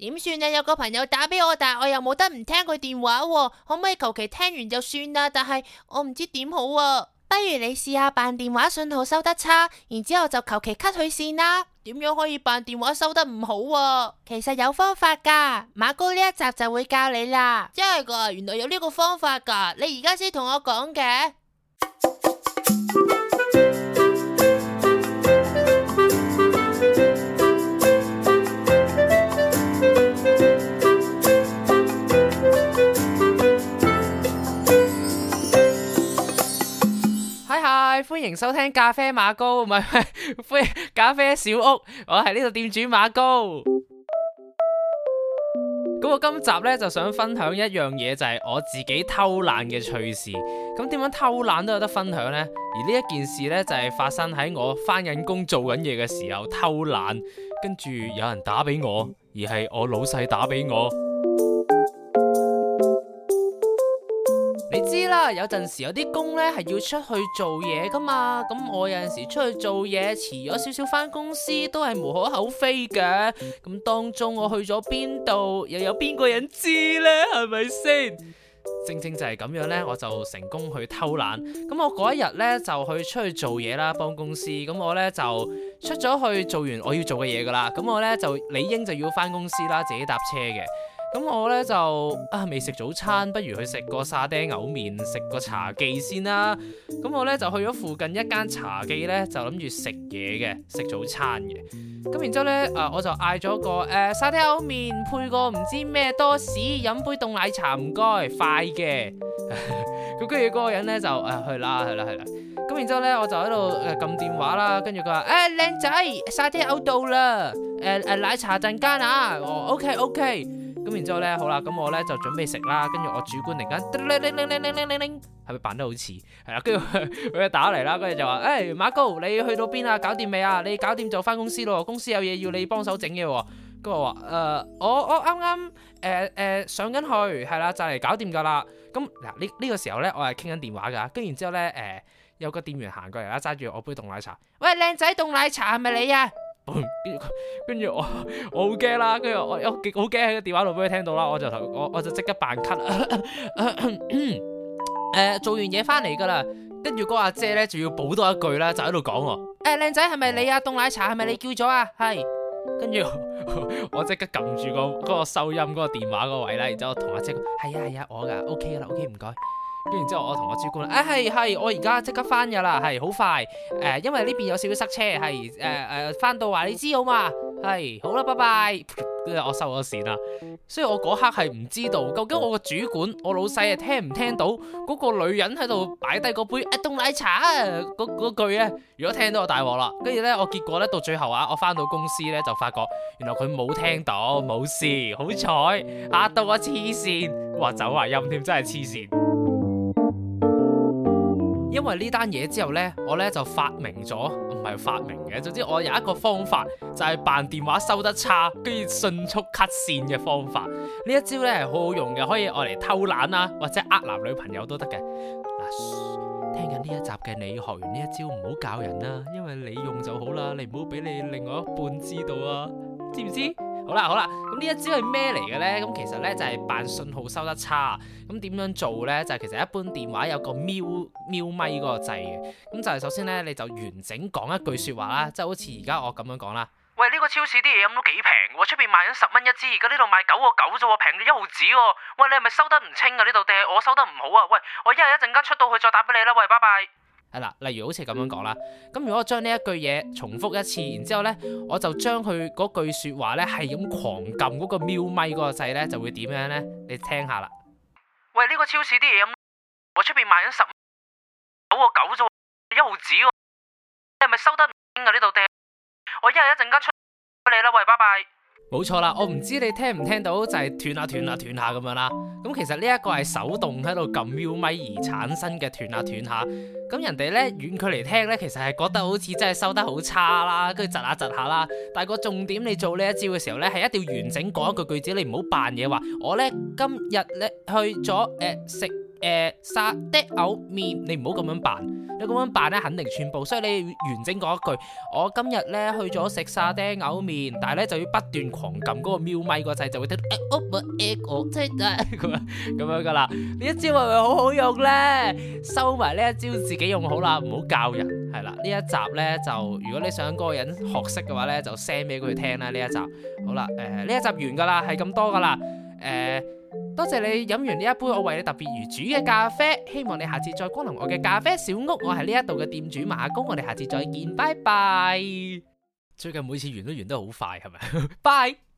點算呀？有個朋友打俾我，但係我又冇得唔聽佢電話喎。可唔可以求其聽完就算啦？但係我唔知點好啊。不如你試下扮電話信號收得差，然之後就求其 cut 佢線啦。點樣可以扮電話收得唔好啊？其實有方法噶，馬哥呢一集就會教你啦。真係噶，原來有呢個方法噶，你而家先同我講嘅。歡迎收聽咖啡馬高，唔係，唔係咖啡小屋，我係呢度店主馬高。咁我今集呢，就想分享一樣嘢，就係我自己偷懶嘅趣事。咁點樣偷懶都有得分享呢？而呢一件事呢，就係發生喺我返緊工做緊嘢嘅時候偷懶，跟住有人打俾我，而係我老細打俾我。有陣時有啲工咧係要出去做嘢噶嘛，咁我有陣時出去做嘢遲咗少少翻公司都係無可厚非嘅。咁當中我去咗邊度，又有邊個人知呢？係咪先？正正就係咁樣呢，我就成功去偷懶。咁我嗰一日呢，就去出去做嘢啦，幫公司。咁我呢，就出咗去做完我要做嘅嘢噶啦。咁我呢，就理應就要翻公司啦，自己搭車嘅。咁我咧就啊未食早餐，不如去食個沙爹牛麵，食個茶記先啦。咁我咧就去咗附近一間茶記咧，就諗住食嘢嘅食早餐嘅。咁然之後咧，誒、啊、我就嗌咗個誒、啊、沙爹牛麵配個唔知咩多士，飲杯凍奶茶，唔該快嘅。咁跟住嗰個人咧就誒去、啊、啦，去啦，去啦。咁然之後咧我就喺度誒撳電話啦，跟住佢話誒靚仔沙爹牛到啦，誒、啊、誒、啊、奶茶陣間啊，哦 ok ok。咁然之後咧，好啦，咁我咧就準備食啦，跟住我主管突然間叮叮叮叮叮叮叮，係咪扮得好似？係啦，跟住佢打嚟啦，跟住就話：誒喂，馬哥，你去到邊啊？搞掂未啊？你搞掂就返公司咯，公司有嘢要你幫手整嘅。咁我話：誒，我我啱啱誒誒上緊去，係啦，就嚟搞掂噶啦。咁嗱，呢呢個時候咧，我係傾緊電話噶，跟住然之後咧，誒，有個店員行過嚟啦，揸住我杯凍奶茶。喂，靚仔，凍奶茶係咪你呀？跟住，跟住我，我好驚啦。跟住我我好驚喺個電話度俾佢聽到啦。我就我我就即刻扮咳。誒、呃，做完嘢，翻嚟噶啦。跟住個阿姐咧就要補多一句啦，就喺度講我。誒、欸，靚仔係咪你啊？凍奶茶係咪你叫咗啊？係。跟住我即刻撳住個、嗰個收音嗰、嗰個電話嗰位啦。然之後同阿姐，係啊係啊，我噶，OK 噶啦，OK 唔該。跟住之後我、哎，我同我主管啊，係係，我而家即刻翻㗎啦，係，好快誒、呃，因為呢邊有少少塞車，係誒誒，翻到話你知好嘛？係，好啦，拜拜。跟、呃、住我收咗線啦，所以我嗰刻係唔知道究竟我個主管我老細係聽唔聽到嗰個女人喺度擺低嗰杯一凍、哎、奶茶嗰嗰句咧。如果聽到我大鑊啦，跟住咧我結果咧到最後啊，我翻到公司咧就發覺原來佢冇聽到，冇事好彩，嚇到我黐線，哇，走話音添，真係黐線。因為呢單嘢之後呢，我呢就發明咗，唔係發明嘅，總之我有一個方法，就係扮電話收得差，跟住迅速 cut 線嘅方法。呢一招呢，係好好用嘅，可以愛嚟偷懶啦，或者呃男女朋友都得嘅。嗱，聽緊呢一集嘅你學完呢一招，唔好教人啦，因為你用就好啦，你唔好俾你另外一半知道啊，知唔知？好啦好啦，咁呢一招係咩嚟嘅呢？咁其實呢就係扮信號收得差，咁點樣做呢？就係其實一般電話有個喵喵咪嗰個掣嘅，咁就係首先呢，你就完整講一句說話啦，即係好似而家我咁樣講啦。喂，呢個超市啲嘢咁都幾平嘅，出邊賣咗十蚊一支，9. 9而家呢度賣九個九啫，平咗一毫子喎，啊。喂，你係咪收得唔清啊？呢度定係我收得唔好啊？喂，我一係一陣間出到去再打俾你啦。喂，拜拜。係啦，例如好似咁樣講啦，咁如果我將呢一句嘢重複一次，然之後咧，我就將佢嗰句說話咧，係咁狂撳嗰個喵咪咪嗰個掣咧，就會點樣咧？你聽下啦。喂，呢個超市啲嘢咁，我出邊賣緊十九個九啫，一毫子喎，你係咪收得唔清啊？呢度定，我一日一陣間出你啦，喂，拜拜。冇錯啦，我唔知你聽唔聽到就係斷下斷下斷下咁樣啦。咁其實呢一個係手動喺度撳 U 咪，而產生嘅斷下斷下。咁人哋呢，遠距離聽呢，其實係覺得好似真係收得好差啦，跟住窒下窒下啦。但係個重點，你做呢一招嘅時候呢，係一定要完整講一句句子，你唔好扮嘢話我呢今日咧去咗誒、呃、食。誒、呃，沙爹牛麵，你唔好咁樣扮。你咁樣扮咧，肯定穿煲。所以你完整講一句，我今日咧去咗食沙爹牛麵，但係咧就要不斷狂撳嗰個咪咪個掣，就會聽誒咁樣咁樣噶啦。呢一招係咪好好用咧？收埋呢一招自己用好啦，唔好教人。係啦，呢一集咧就，如果你想嗰個人學識嘅話咧，就 send 俾佢聽啦。呢一集好啦，誒、呃，呢一集完噶啦，係咁多噶啦，誒、呃。多謝你飲完呢一杯，我為你特別而煮嘅咖啡，希望你下次再光臨我嘅咖啡小屋。我係呢一度嘅店主馬公，我哋下次再見，拜拜。最近每次完都完得好快，係咪？拜。